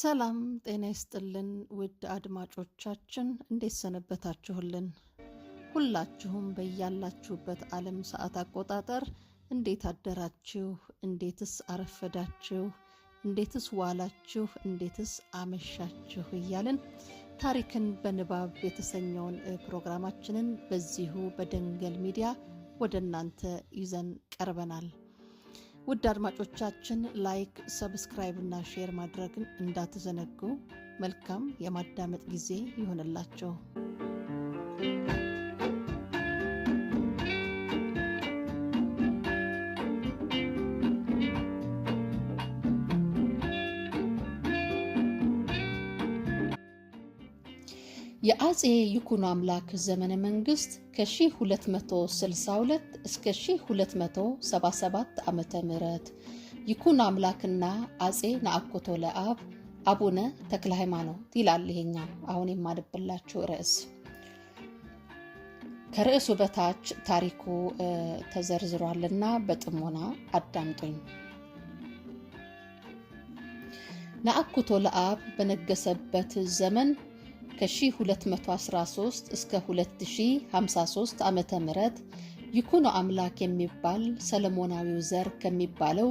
ሰላም ጤና ይስጥልን ውድ አድማጮቻችን፣ እንዴት ሰነበታችሁልን? ሁላችሁም በያላችሁበት ዓለም ሰዓት አቆጣጠር እንዴት አደራችሁ? እንዴትስ አረፈዳችሁ? እንዴትስ ዋላችሁ? እንዴትስ አመሻችሁ? እያልን ታሪክን በንባብ የተሰኘውን ፕሮግራማችንን በዚሁ በደንገል ሚዲያ ወደ እናንተ ይዘን ቀርበናል። ውድ አድማጮቻችን ላይክ፣ ሰብስክራይብ እና ሼር ማድረግን እንዳትዘነጉ። መልካም የማዳመጥ ጊዜ ይሆንላቸው። የአፄ ይኩኖ አምላክ ዘመነ መንግስት ከ1262 እስከ 1277 ዓ ምህረት ይኩኖ አምላክና አፄ ናአኩቶ ለአብ አቡነ ተክለ ሃይማኖት ይላል። ይሄኛ አሁን የማነብላችሁ ርዕስ ከርዕሱ በታች ታሪኩ ተዘርዝሯልና በጥሞና አዳምጡኝ። ናአኩቶ ለአብ በነገሰበት ዘመን ከ1213 እስከ 2053 ዓ ም ይኩኖ አምላክ የሚባል ሰለሞናዊው ዘር ከሚባለው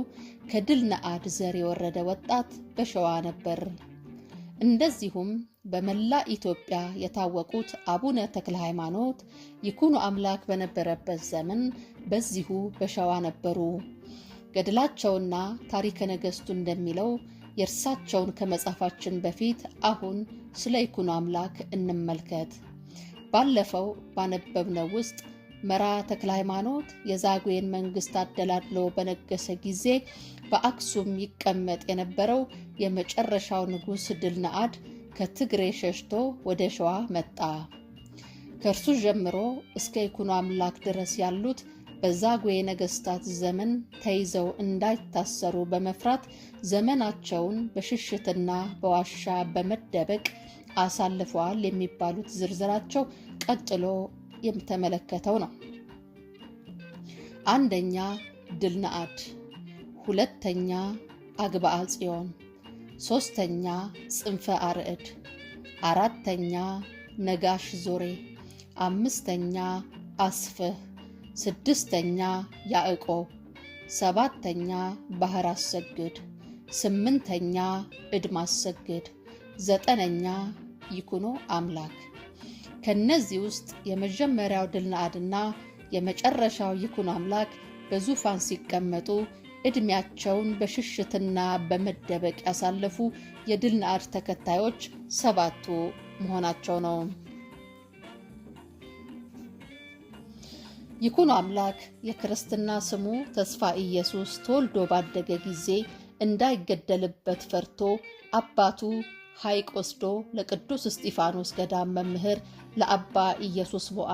ከድል ነአድ ዘር የወረደ ወጣት በሸዋ ነበር። እንደዚሁም በመላ ኢትዮጵያ የታወቁት አቡነ ተክለ ሃይማኖት ይኩኑ አምላክ በነበረበት ዘመን በዚሁ በሸዋ ነበሩ። ገድላቸውና ታሪከ ነገስቱ እንደሚለው የእርሳቸውን ከመጻፋችን በፊት አሁን ስለ ይኩኖ አምላክ እንመልከት። ባለፈው ባነበብነው ውስጥ መራ ተክለ ሃይማኖት የዛጉዌን መንግስት አደላድሎ በነገሰ ጊዜ በአክሱም ይቀመጥ የነበረው የመጨረሻው ንጉሥ ድል ነአድ ከትግሬ ሸሽቶ ወደ ሸዋ መጣ። ከእርሱ ጀምሮ እስከ ይኩኖ አምላክ ድረስ ያሉት በዛጉዌ ነገስታት ዘመን ተይዘው እንዳይታሰሩ በመፍራት ዘመናቸውን በሽሽትና በዋሻ በመደበቅ አሳልፈዋል የሚባሉት ዝርዝራቸው ቀጥሎ የምተመለከተው ነው። አንደኛ ድልነአድ፣ ሁለተኛ አግባአ ጽዮን፣ ሶስተኛ ጽንፈ አርዕድ፣ አራተኛ ነጋሽ ዞሬ፣ አምስተኛ አስፍህ ስድስተኛ ያዕቆብ፣ ሰባተኛ ባህር አሰግድ፣ ስምንተኛ እድማ አሰግድ፣ ዘጠነኛ ይኩኖ አምላክ። ከነዚህ ውስጥ የመጀመሪያው ድልናአድና የመጨረሻው ይኩኖ አምላክ በዙፋን ሲቀመጡ ዕድሜያቸውን በሽሽትና በመደበቅ ያሳለፉ የድልናአድ ተከታዮች ሰባቱ መሆናቸው ነው። ይኩኑ አምላክ የክርስትና ስሙ ተስፋ ኢየሱስ ተወልዶ ባደገ ጊዜ እንዳይገደልበት ፈርቶ አባቱ ሐይቅ ወስዶ ለቅዱስ እስጢፋኖስ ገዳም መምህር ለአባ ኢየሱስ ቦዓ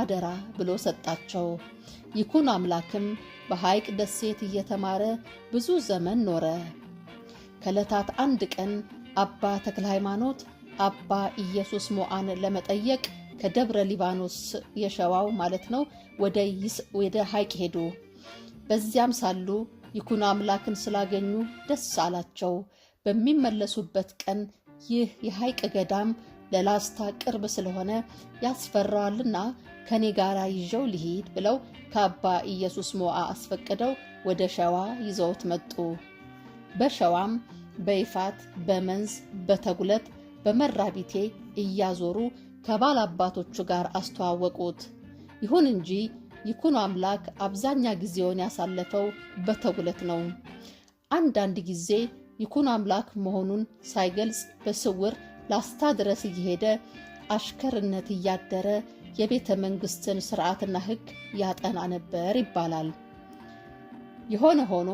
አደራ ብሎ ሰጣቸው። ይኩኑ አምላክም በሐይቅ ደሴት እየተማረ ብዙ ዘመን ኖረ። ከዕለታት አንድ ቀን አባ ተክለ ሃይማኖት አባ ኢየሱስ ሞዓን ለመጠየቅ ከደብረ ሊባኖስ የሸዋው ማለት ነው ወደ ሀይቅ ሄዱ። በዚያም ሳሉ ይኩኖ አምላክን ስላገኙ ደስ አላቸው። በሚመለሱበት ቀን ይህ የሀይቅ ገዳም ለላስታ ቅርብ ስለሆነ ያስፈራዋልና ከኔ ጋር ይዤው ልሂድ ብለው ከአባ ኢየሱስ ሞዓ አስፈቅደው ወደ ሸዋ ይዘውት መጡ። በሸዋም በይፋት፣ በመንዝ፣ በተጉለት፣ በመራቢቴ እያዞሩ ከባል አባቶቹ ጋር አስተዋወቁት። ይሁን እንጂ ይኩኖ አምላክ አብዛኛ ጊዜውን ያሳለፈው በተጉለት ነው። አንዳንድ ጊዜ ይኩኖ አምላክ መሆኑን ሳይገልጽ በስውር ላስታ ድረስ እየሄደ አሽከርነት እያደረ የቤተ መንግሥትን ስርዓትና ሕግ ያጠና ነበር ይባላል። የሆነ ሆኖ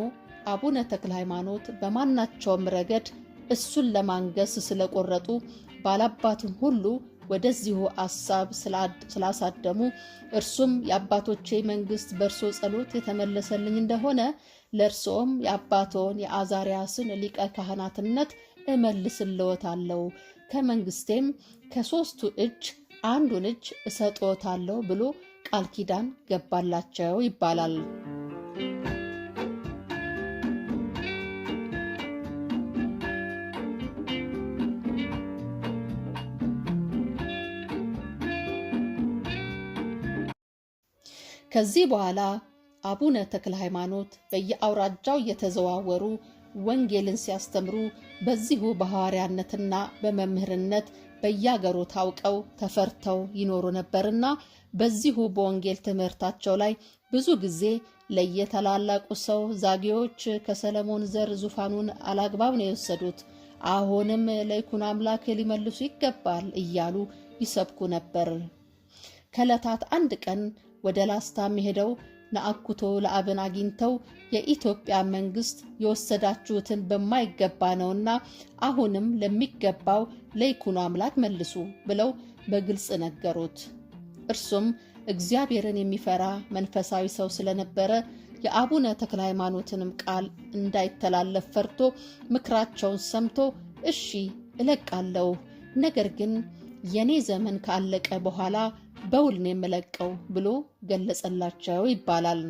አቡነ ተክለ ሃይማኖት በማናቸውም ረገድ እሱን ለማንገስ ስለቆረጡ ባላባቱን ሁሉ ወደዚሁ አሳብ ስላሳደሙ እርሱም የአባቶቼ መንግስት በእርሶ ጸሎት የተመለሰልኝ እንደሆነ ለእርሶም የአባቶን የአዛርያስን ሊቀ ካህናትነት እመልስልዎታለሁ ከመንግስቴም ከሶስቱ እጅ አንዱን እጅ እሰጥዎታለሁ ብሎ ቃል ኪዳን ገባላቸው ይባላል። ከዚህ በኋላ አቡነ ተክለ ሃይማኖት በየአውራጃው እየተዘዋወሩ ወንጌልን ሲያስተምሩ በዚሁ በሐዋርያነትና በመምህርነት በያገሩ ታውቀው ተፈርተው ይኖሩ ነበርና በዚሁ በወንጌል ትምህርታቸው ላይ ብዙ ጊዜ ለየተላላቁ ሰው ዛጌዎች ከሰለሞን ዘር ዙፋኑን አላግባብ ነው የወሰዱት፣ አሁንም ለይኩን አምላክ ሊመልሱ ይገባል እያሉ ይሰብኩ ነበር። ከዕለታት አንድ ቀን ወደ ላስታም ሄደው ለአኩቶ ለአብን አግኝተው የኢትዮጵያ መንግስት የወሰዳችሁትን በማይገባ ነውና አሁንም ለሚገባው ለይኩኖ አምላክ መልሱ ብለው በግልጽ ነገሩት። እርሱም እግዚአብሔርን የሚፈራ መንፈሳዊ ሰው ስለነበረ የአቡነ ተክለ ሃይማኖትንም ቃል እንዳይተላለፍ ፈርቶ ምክራቸውን ሰምቶ እሺ እለቃለሁ፣ ነገር ግን የኔ ዘመን ካለቀ በኋላ በውል ነው የምለቀው ብሎ ገለጸላቸው ይባላል።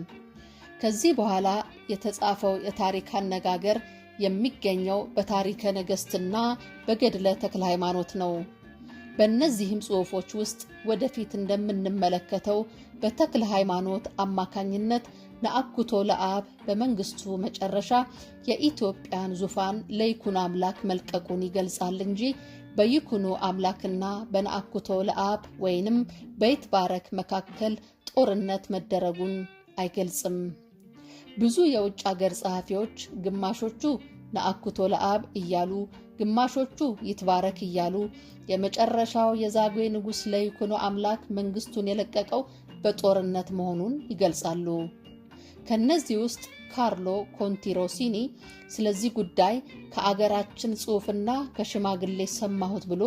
ከዚህ በኋላ የተጻፈው የታሪክ አነጋገር የሚገኘው በታሪከ ነገሥትና በገድለ ተክለ ሃይማኖት ነው። በእነዚህም ጽሑፎች ውስጥ ወደፊት እንደምንመለከተው በተክለ ሃይማኖት አማካኝነት ነአኩቶ ለአብ በመንግስቱ መጨረሻ የኢትዮጵያን ዙፋን ለይኩኖ አምላክ መልቀቁን ይገልጻል እንጂ በይኩኖ አምላክና በነአኩቶ ለአብ ወይንም በይትባረክ መካከል ጦርነት መደረጉን አይገልጽም። ብዙ የውጭ አገር ጸሐፊዎች ግማሾቹ ነአኩቶ ለአብ እያሉ ግማሾቹ ይትባረክ እያሉ የመጨረሻው የዛጉዌ ንጉሥ ለይኩኖ አምላክ መንግስቱን የለቀቀው በጦርነት መሆኑን ይገልጻሉ። ከነዚህ ውስጥ ካርሎ ኮንቲሮሲኒ ስለዚህ ጉዳይ ከአገራችን ጽሑፍና ከሽማግሌ ሰማሁት ብሎ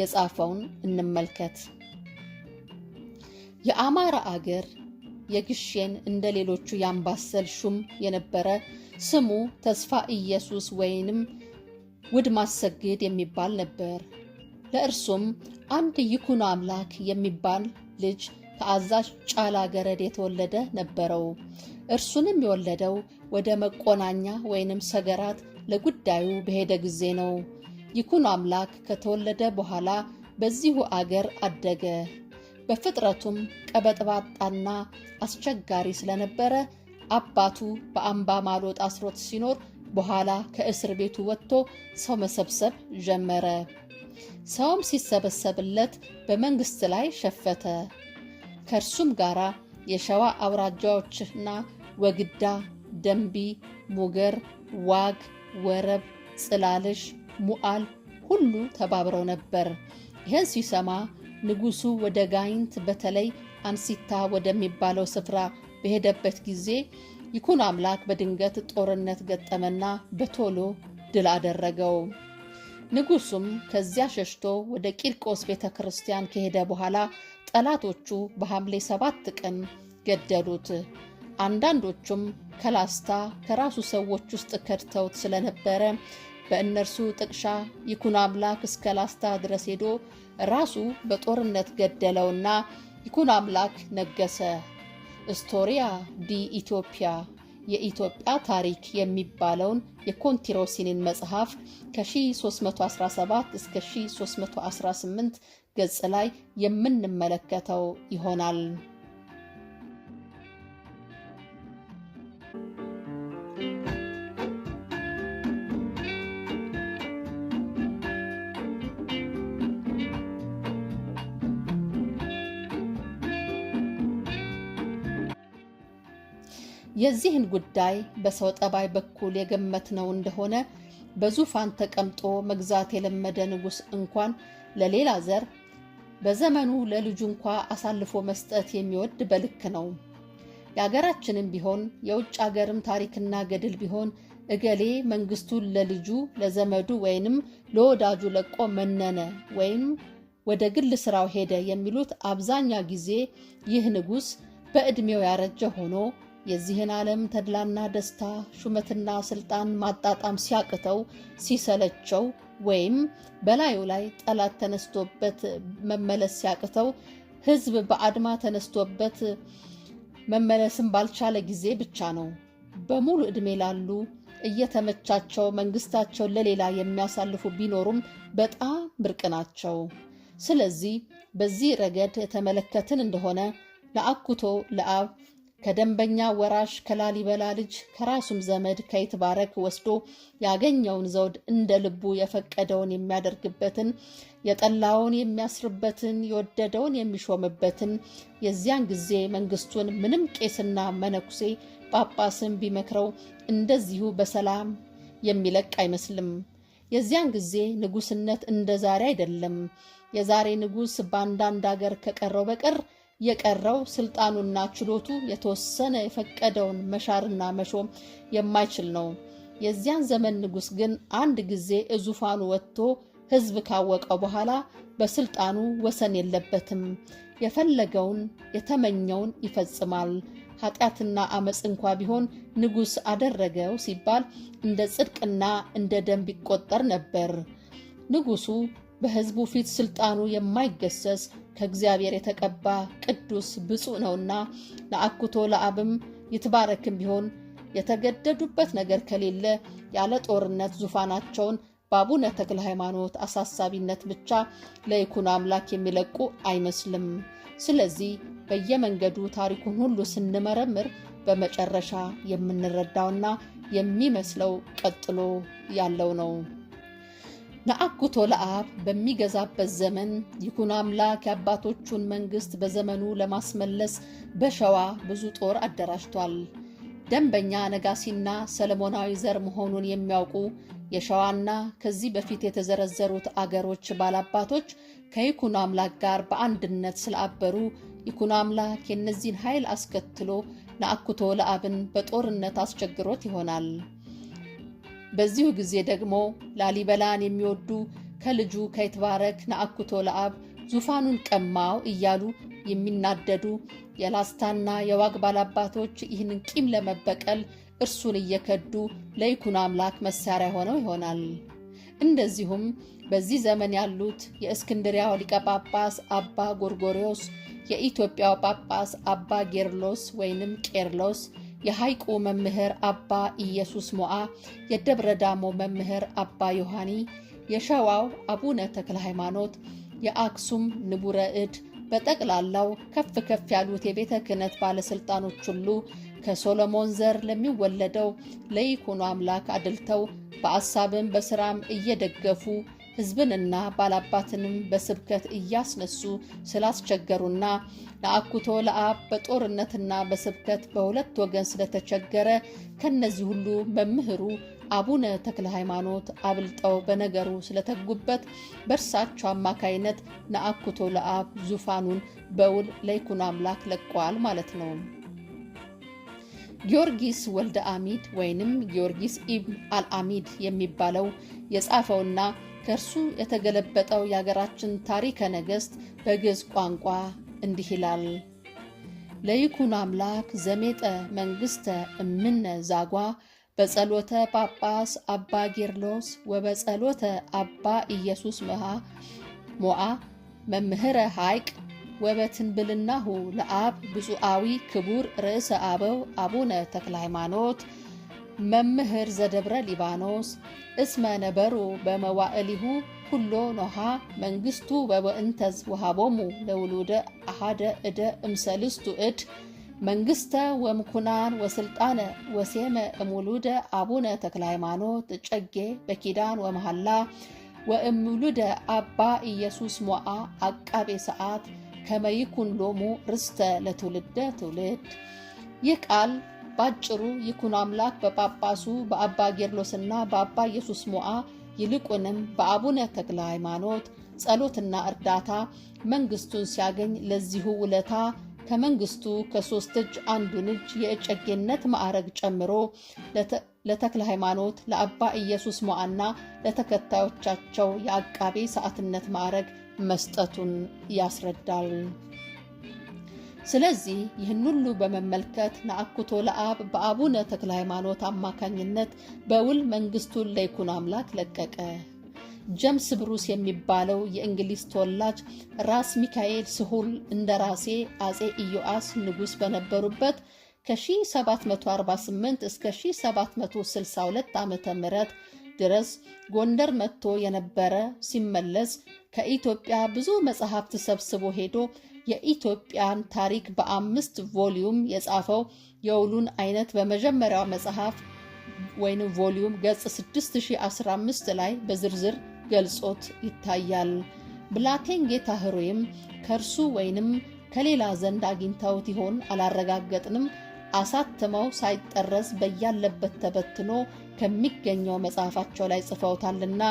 የጻፈውን እንመልከት። የአማራ አገር የግሼን እንደ ሌሎቹ የአምባሰል ሹም የነበረ ስሙ ተስፋ ኢየሱስ ወይንም ውድ ማሰግድ የሚባል ነበር። ለእርሱም አንድ ይኩኑ አምላክ የሚባል ልጅ ከአዛዥ ጫላ ገረድ የተወለደ ነበረው። እርሱንም የወለደው ወደ መቆናኛ ወይንም ሰገራት ለጉዳዩ በሄደ ጊዜ ነው። ይኩኖ አምላክ ከተወለደ በኋላ በዚሁ አገር አደገ። በፍጥረቱም ቀበጥባጣና አስቸጋሪ ስለነበረ አባቱ በአምባ ማሎጥ አስሮት ሲኖር በኋላ ከእስር ቤቱ ወጥቶ ሰው መሰብሰብ ጀመረ። ሰውም ሲሰበሰብለት በመንግስት ላይ ሸፈተ። ከእርሱም ጋር የሸዋ አውራጃዎችና ወግዳ፣ ደንቢ፣ ሙገር፣ ዋግ፣ ወረብ፣ ጽላልሽ፣ ሙዓል ሁሉ ተባብረው ነበር። ይህን ሲሰማ ንጉሡ ወደ ጋይንት በተለይ አንሲታ ወደሚባለው ስፍራ በሄደበት ጊዜ ይኩን አምላክ በድንገት ጦርነት ገጠመና በቶሎ ድል አደረገው። ንጉሱም ከዚያ ሸሽቶ ወደ ቂርቆስ ቤተ ክርስቲያን ከሄደ በኋላ ጠላቶቹ በሐምሌ ሰባት ቀን ገደሉት። አንዳንዶቹም ከላስታ ከራሱ ሰዎች ውስጥ ከድተውት ስለነበረ በእነርሱ ጥቅሻ ይኩኖ አምላክ እስከ ላስታ ድረስ ሄዶ ራሱ በጦርነት ገደለውና ይኩኖ አምላክ ነገሰ። እስቶሪያ ዲ ኢትዮጵያ የኢትዮጵያ ታሪክ የሚባለውን የኮንቲሮሲንን መጽሐፍ ከ1317 እስከ 1318 ገጽ ላይ የምንመለከተው ይሆናል። የዚህን ጉዳይ በሰው ጠባይ በኩል የገመትነው እንደሆነ በዙፋን ተቀምጦ መግዛት የለመደ ንጉሥ እንኳን ለሌላ ዘር በዘመኑ ለልጁ እንኳ አሳልፎ መስጠት የሚወድ በልክ ነው። የአገራችንም ቢሆን የውጭ አገርም ታሪክና ገድል ቢሆን እገሌ መንግስቱን ለልጁ ለዘመዱ ወይንም ለወዳጁ ለቆ መነነ ወይም ወደ ግል ስራው ሄደ የሚሉት አብዛኛ ጊዜ ይህ ንጉሥ በዕድሜው ያረጀ ሆኖ የዚህን ዓለም ተድላና ደስታ ሹመትና ስልጣን ማጣጣም ሲያቅተው ሲሰለቸው ወይም በላዩ ላይ ጠላት ተነስቶበት መመለስ ሲያቅተው ሕዝብ በአድማ ተነስቶበት መመለስም ባልቻለ ጊዜ ብቻ ነው በሙሉ ዕድሜ ላሉ እየተመቻቸው መንግስታቸውን ለሌላ የሚያሳልፉ ቢኖሩም በጣም ብርቅ ናቸው። ስለዚህ በዚህ ረገድ የተመለከትን እንደሆነ ለአኩቶ ለአብ ከደንበኛ ወራሽ ከላሊበላ ልጅ ከራሱም ዘመድ ከይትባረክ ወስዶ ያገኘውን ዘውድ እንደ ልቡ የፈቀደውን የሚያደርግበትን የጠላውን የሚያስርበትን የወደደውን የሚሾምበትን የዚያን ጊዜ መንግስቱን ምንም ቄስና መነኩሴ ጳጳስን ቢመክረው እንደዚሁ በሰላም የሚለቅ አይመስልም። የዚያን ጊዜ ንጉስነት እንደ ዛሬ አይደለም። የዛሬ ንጉስ በአንዳንድ አገር ከቀረው በቀር የቀረው ስልጣኑና ችሎቱ የተወሰነ የፈቀደውን መሻርና መሾም የማይችል ነው። የዚያን ዘመን ንጉሥ ግን አንድ ጊዜ እዙፋኑ ወጥቶ ሕዝብ ካወቀው በኋላ በስልጣኑ ወሰን የለበትም። የፈለገውን የተመኘውን ይፈጽማል። ኃጢአትና አመፅ እንኳ ቢሆን ንጉሥ አደረገው ሲባል እንደ ጽድቅና እንደ ደንብ ይቆጠር ነበር። ንጉሱ። በሕዝቡ ፊት ስልጣኑ የማይገሰስ ከእግዚአብሔር የተቀባ ቅዱስ ብፁዕ ነውና ለአኩቶ ለአብም ይትባረክም ቢሆን የተገደዱበት ነገር ከሌለ ያለ ጦርነት ዙፋናቸውን በአቡነ ተክለ ሃይማኖት አሳሳቢነት ብቻ ለይኩኖ አምላክ የሚለቁ አይመስልም። ስለዚህ በየመንገዱ ታሪኩን ሁሉ ስንመረምር በመጨረሻ የምንረዳውና የሚመስለው ቀጥሎ ያለው ነው። ለአጉቶ ለአብ በሚገዛበት ዘመን ይኩን አምላክ የአባቶቹን መንግስት በዘመኑ ለማስመለስ በሸዋ ብዙ ጦር አደራጅቷል። ደንበኛ ነጋሲና ሰለሞናዊ ዘር መሆኑን የሚያውቁ የሸዋና ከዚህ በፊት የተዘረዘሩት አገሮች ባላባቶች ከይኩኖ አምላክ ጋር በአንድነት ስላበሩ ይኩኖ አምላክ የእነዚህን ኃይል አስከትሎ ነአኩቶ ለአብን በጦርነት አስቸግሮት ይሆናል። በዚሁ ጊዜ ደግሞ ላሊበላን የሚወዱ ከልጁ ከይትባረክ ነአኩቶ ለአብ ዙፋኑን ቀማው እያሉ የሚናደዱ የላስታና የዋግ አባቶች ይህንን ቂም ለመበቀል እርሱን እየከዱ ለይኩኖ አምላክ መሳሪያ ሆነው ይሆናል። እንደዚሁም በዚህ ዘመን ያሉት የእስክንድሪያው ሊቀ ጳጳስ አባ ጎርጎሪዎስ፣ የኢትዮጵያው ጳጳስ አባ ጌርሎስ ወይንም ቄርሎስ የሐይቆ መምህር አባ ኢየሱስ ሞዓ፣ የደብረ ዳሞ መምህር አባ ዮሐኒ፣ የሸዋው አቡነ ተክለ ሃይማኖት፣ የአክሱም ንቡረ እድ በጠቅላላው ከፍ ከፍ ያሉት የቤተ ክህነት ባለሥልጣኖች ሁሉ ከሶሎሞን ዘር ለሚወለደው ለይኩኖ አምላክ አድልተው በአሳብም በሥራም እየደገፉ ህዝብንና ባላባትንም በስብከት እያስነሱ ስላስቸገሩና ለአኩቶ ለአብ በጦርነትና በስብከት በሁለት ወገን ስለተቸገረ ከነዚህ ሁሉ መምህሩ አቡነ ተክለ ሃይማኖት አብልጠው በነገሩ ስለተጉበት በእርሳቸው አማካይነት ነአኩቶ ለአብ ዙፋኑን በውል ለይኩኖ አምላክ ለቀዋል ማለት ነው። ጊዮርጊስ ወልደ አሚድ ወይንም ጊዮርጊስ ኢብን አልአሚድ የሚባለው የጻፈውና ከእርሱ የተገለበጠው የአገራችን ታሪከ ነገሥት በግዕዝ ቋንቋ እንዲህ ይላል። ለይኩን አምላክ ዘሜጠ መንግሥተ እምነ ዛጓ በጸሎተ ጳጳስ አባ ጌርሎስ ወበጸሎተ አባ ኢየሱስ መሃ ሞዓ መምህረ ሐይቅ ወበትንብልናሁ ለአብ ብፁዓዊ ክቡር ርዕሰ አበው አቡነ ተክለ ሃይማኖት መምህር ዘደብረ ሊባኖስ እስመ ነበሩ በመዋእሊሁ ኩሎ ኖሃ መንግስቱ በበእንተዝ ውሃቦሙ ለውሉደ አሃደ እደ እምሰልስቱ እድ መንግስተ ወምኩናን ወስልጣነ ወሴመ እምውሉደ አቡነ ተክለ ሃይማኖት እጨጌ በኪዳን ወመሃላ ወእምውሉደ አባ ኢየሱስ ሞዓ አቃቤ ሰዓት ከመይኩን ሎሙ ርስተ ለትውልደ ትውልድ ይህ ቃል ባጭሩ ይኩን አምላክ በጳጳሱ በአባ ጌርሎስና በአባ ኢየሱስ ሞዓ ይልቁንም በአቡነ ተክለ ሃይማኖት ጸሎትና እርዳታ መንግስቱን ሲያገኝ ለዚሁ ውለታ ከመንግስቱ ከሶስት እጅ አንዱን እጅ የእጨጌነት ማዕረግ ጨምሮ ለተክለ ሃይማኖት ለአባ ኢየሱስ ሞዓና ለተከታዮቻቸው የአቃቤ ሰዓትነት ማዕረግ መስጠቱን ያስረዳል። ስለዚህ ይህን ሁሉ በመመልከት ነአኩቶ ለአብ በአቡነ ተክለ ሃይማኖት አማካኝነት በውል መንግስቱን ለይኩኖ አምላክ ለቀቀ። ጀምስ ብሩስ የሚባለው የእንግሊዝ ተወላጅ ራስ ሚካኤል ስሁል እንደ ራሴ አጼ ኢዮአስ ንጉሥ በነበሩበት ከ748 እስከ 762 ም ድረስ ጎንደር መጥቶ የነበረ ሲመለስ ከኢትዮጵያ ብዙ መጽሐፍት ሰብስቦ ሄዶ የኢትዮጵያን ታሪክ በአምስት ቮሊዩም የጻፈው የውሉን አይነት በመጀመሪያው መጽሐፍ ወይም ቮሊዩም ገጽ 6015 ላይ በዝርዝር ገልጾት ይታያል። ብላቴን ጌታ ህሩይም ከእርሱ ወይንም ከሌላ ዘንድ አግኝተውት ይሆን አላረጋገጥንም። አሳትመው ሳይጠረዝ በያለበት ተበትኖ ከሚገኘው መጽሐፋቸው ላይ ጽፈውታልና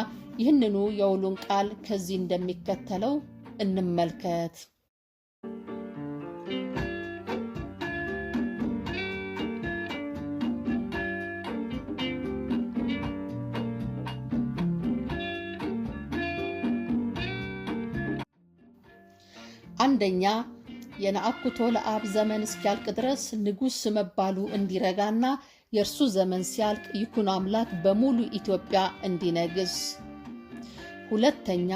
ይህንኑ የውሉን ቃል ከዚህ እንደሚከተለው እንመልከት። አንደኛ የነአኩቶ ለአብ ዘመን እስኪያልቅ ድረስ ንጉሥ መባሉ እንዲረጋና የእርሱ ዘመን ሲያልቅ ይኩኑ አምላክ በሙሉ ኢትዮጵያ እንዲነግስ። ሁለተኛ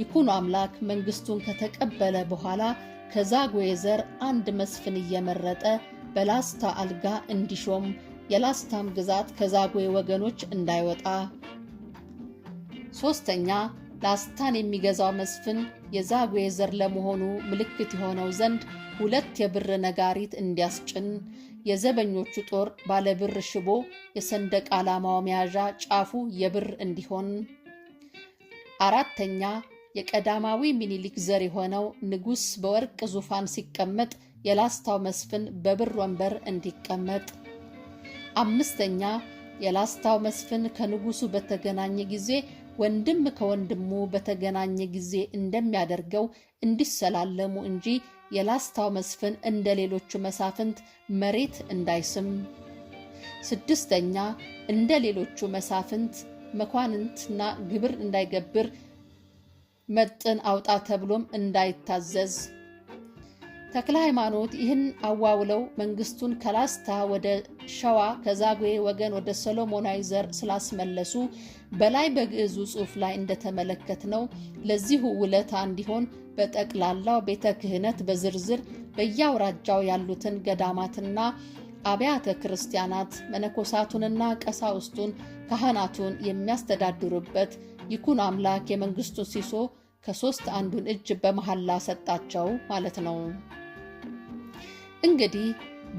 ይኩኑ አምላክ መንግስቱን ከተቀበለ በኋላ ከዛጉዌ ዘር አንድ መስፍን እየመረጠ በላስታ አልጋ እንዲሾም፣ የላስታም ግዛት ከዛጉዌ ወገኖች እንዳይወጣ። ሶስተኛ ላስታን የሚገዛው መስፍን የዛጉዌ ዘር ለመሆኑ ምልክት የሆነው ዘንድ ሁለት የብር ነጋሪት እንዲያስጭን የዘበኞቹ ጦር ባለብር ሽቦ የሰንደቅ ዓላማው መያዣ ጫፉ የብር እንዲሆን፣ አራተኛ የቀዳማዊ ሚኒሊክ ዘር የሆነው ንጉሥ በወርቅ ዙፋን ሲቀመጥ የላስታው መስፍን በብር ወንበር እንዲቀመጥ፣ አምስተኛ የላስታው መስፍን ከንጉሱ በተገናኘ ጊዜ ወንድም ከወንድሙ በተገናኘ ጊዜ እንደሚያደርገው እንዲሰላለሙ እንጂ የላስታው መስፍን እንደ ሌሎቹ መሳፍንት መሬት እንዳይስም። ስድስተኛ እንደ ሌሎቹ መሳፍንት መኳንንትና ግብር እንዳይገብር መጥን አውጣ ተብሎም እንዳይታዘዝ ተክለ ሃይማኖት ይህን አዋውለው መንግስቱን ከላስታ ወደ ሸዋ ከዛጉዌ ወገን ወደ ሰሎሞናዊ ዘር ስላስመለሱ በላይ በግዕዙ ጽሑፍ ላይ እንደተመለከት ነው ለዚሁ ውለታ እንዲሆን በጠቅላላው ቤተ ክህነት በዝርዝር በየአውራጃው ያሉትን ገዳማትና አብያተ ክርስቲያናት መነኮሳቱንና ቀሳውስቱን ካህናቱን የሚያስተዳድሩበት ይኩን አምላክ የመንግስቱን ሲሶ ከሶስት አንዱን እጅ በመሐላ ሰጣቸው ማለት ነው። እንግዲህ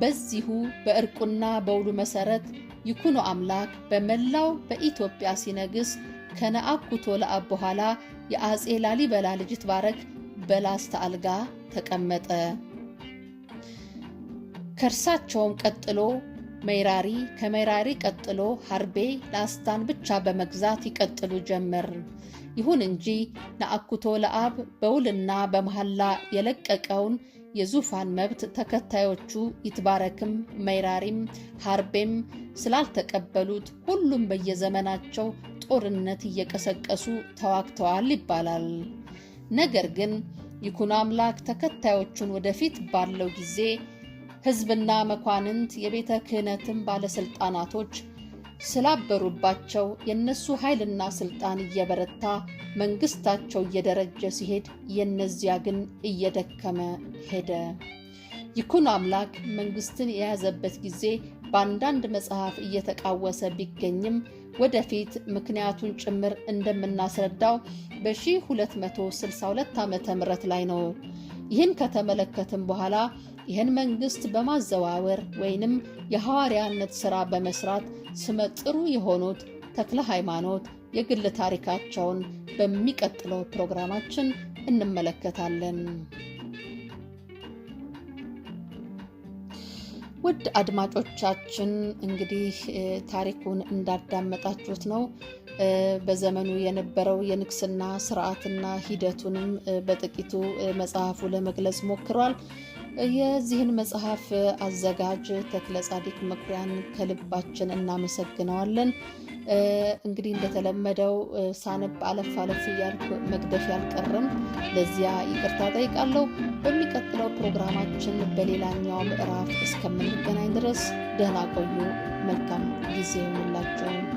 በዚሁ በእርቁና በውሉ መሰረት ይኩኖ አምላክ በመላው በኢትዮጵያ ሲነግስ ከነአኩቶ ለአብ በኋላ የአጼ ላሊበላ ልጅ ባረክ በላስታ አልጋ ተቀመጠ። ከእርሳቸውም ቀጥሎ መይራሪ፣ ከመይራሪ ቀጥሎ ሀርቤ ላስታን ብቻ በመግዛት ይቀጥሉ ጀመር። ይሁን እንጂ ነአኩቶ ለአብ በውልና በመሐላ የለቀቀውን የዙፋን መብት ተከታዮቹ ይትባረክም መይራሪም ሃርቤም ስላልተቀበሉት ሁሉም በየዘመናቸው ጦርነት እየቀሰቀሱ ተዋግተዋል ይባላል። ነገር ግን ይኩኖ አምላክ ተከታዮቹን ወደፊት ባለው ጊዜ ሕዝብና መኳንንት የቤተ ክህነትም ባለሥልጣናቶች ስላበሩባቸው የእነሱ ኃይልና ሥልጣን እየበረታ መንግስታቸው እየደረጀ ሲሄድ የእነዚያ ግን እየደከመ ሄደ። ይኩን አምላክ መንግስትን የያዘበት ጊዜ በአንዳንድ መጽሐፍ እየተቃወሰ ቢገኝም ወደፊት ምክንያቱን ጭምር እንደምናስረዳው በ262 ዓ ም ላይ ነው። ይህን ከተመለከትም በኋላ ይህን መንግስት በማዘዋወር ወይንም የሐዋርያነት ሥራ በመስራት ስመጥሩ የሆኑት ተክለ ሃይማኖት የግል ታሪካቸውን በሚቀጥለው ፕሮግራማችን እንመለከታለን። ውድ አድማጮቻችን እንግዲህ ታሪኩን እንዳዳመጣችሁት ነው። በዘመኑ የነበረው የንግስና ስርዓትና ሂደቱንም በጥቂቱ መጽሐፉ ለመግለጽ ሞክሯል። የዚህን መጽሐፍ አዘጋጅ ተክለ ጻዲቅ መኩሪያን ከልባችን እናመሰግነዋለን። እንግዲህ እንደተለመደው ሳነብ አለፍ አለፍ እያልኩ መግደፍ ያልቀርም፣ ለዚያ ይቅርታ ጠይቃለሁ። በሚቀጥለው ፕሮግራማችን በሌላኛው ምዕራፍ እስከምንገናኝ ድረስ ደህና ቆዩ። መልካም ጊዜ ይሁንላችሁ።